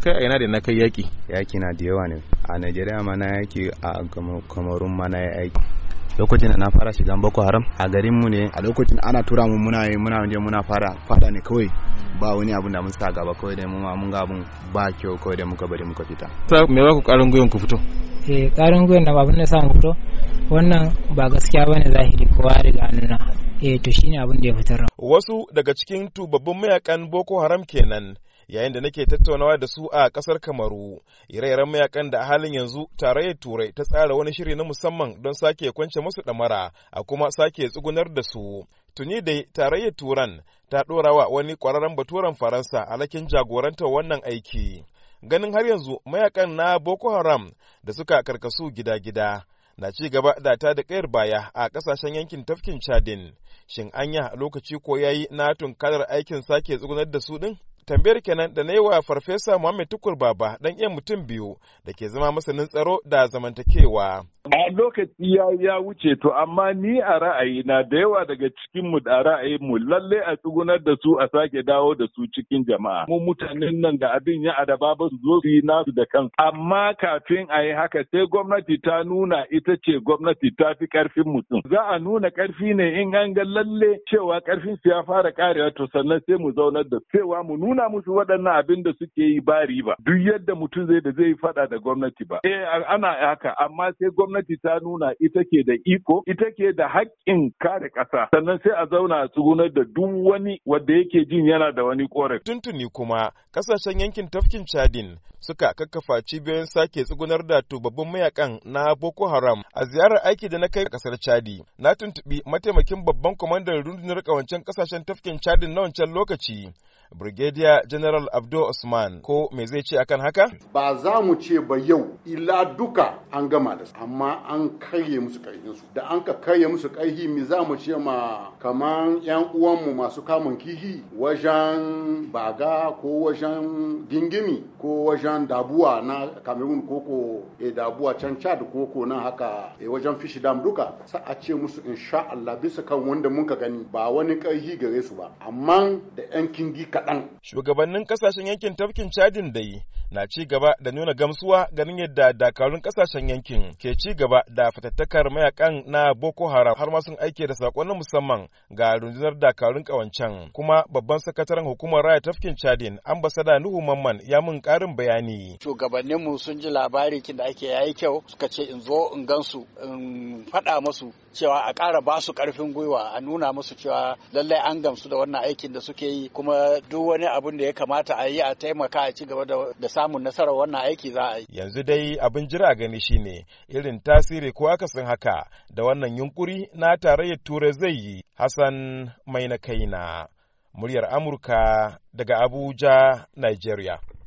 kamar kai a yana da na kai yaki yaki na da yawa ne a najeriya ma na yaki a kamarun ma na yaki lokacin da na fara shigan boko haram a garin mu ne a lokacin ana tura mu muna yi muna je muna fara fada ne kawai ba wani abun da mun sa gaba kawai da mu ma mun ga abun ba kyau kawai da muka bari muka fita ta me ba ku karin guyon ku fito eh karin guyon da babun da sa mu fito wannan ba gaskiya bane zahiri kowa riga nuna eh to shine abun da ya fitar wasu daga cikin tubabbun mayakan boko haram kenan yayin da nake tattaunawa da su a kasar kamaru ire-iren mayakan da a halin yanzu tarayyar turai ta tsara wani shiri na musamman don sake kwance musu ɗamara a kuma sake tsugunar da su tuni dai tarayyar turan ta wa wani ƙwararren baturen faransa alakin jagorantar wannan aiki ganin har yanzu mayakan na boko haram da suka karkasu gida-gida na ci gaba da ta da kayar baya a kasashen yankin tafkin chadin shin anya lokaci ko yayi na tunkarar aikin sake tsugunar da su din tambayar kenan da na yi wa farfesa muhammed tukur baba dan iya mutum biyu da ke zama masanin tsaro da zamantakewa a lokaci ya wuce to amma ni a ra'ayi na da yawa daga cikin mu da ra'ayin mu lalle a tsugunar da su a sake dawo da su cikin jama'a mu mutanen nan da abin ya adaba ba su zo su yi nasu da kan amma kafin a yi haka sai gwamnati ta nuna ita ce gwamnati ta fi karfin mutum za a nuna karfi ne in an ga lalle cewa karfin su ya fara karewa to sannan sai mu zaunar da cewa mu nuna nuna musu waɗannan abin da suke yi ba riba duk yadda mutum zai da zai faɗa da gwamnati ba eh ana haka amma sai gwamnati ta nuna ita ke da iko ita ke da haƙƙin kare ƙasa sannan sai a zauna a tsugunar da duk wani wanda yake jin yana da wani ƙorafi tuntuni kuma ƙasashen yankin tafkin chadin suka kakkafa cibiyoyin sake tsugunar da tubabbin mayakan na Boko Haram a ziyarar aiki da na kai a kasar Chadi. Na tuntubi mataimakin babban kwamandan rundunar kawancen kasashen tafkin Chadin na wancan lokaci. Brigadier General Abdul Usman. ko me zai ce akan haka? Ba za mu ce ba yau ila duka an gama da su amma an karye musu su da an ka karye musu karhi me za mu ce ma kaman yan uwanmu masu kamun kihi wajen baga ko wajen gingimi ko wajen nan dabuwa na cameroon koko e dabuwa can chad koko nan haka e wajen fish dam duka sa a ce musu insha Allah bisa kan wanda muka gani ba wani karhi gare su ba amma da yan kingi kaɗan. shugabannin kasashen yankin tafkin chadin dai na ci gaba da nuna gamsuwa ganin yadda dakarun kasashen yankin ke ci gaba da fatattakar mayakan na Boko Haram har ma sun aike da sakon musamman ga rundunar dakarun kawancan kuma babban sakataren hukumar raya tafkin Chadin ambasada Nuhu Mamman ya mun karin bayani shugabanninmu sun ji labari kin da ake yayi kyau suka ce in zo in gansu in faɗa musu cewa a ƙara ba su ƙarfin gwiwa a nuna musu cewa lallai an gamsu da wannan aikin da suke yi kuma duk wani abin da ya kamata a yi a taimaka a ci gaba da samun nasarar wannan aiki za a yi. Yanzu dai abin jira gani shine irin tasiri ko akasin haka da wannan yunkuri na tarayyar Turai zai yi. Hassan Mai na kaina, muryar Amurka daga Abuja, Nigeria.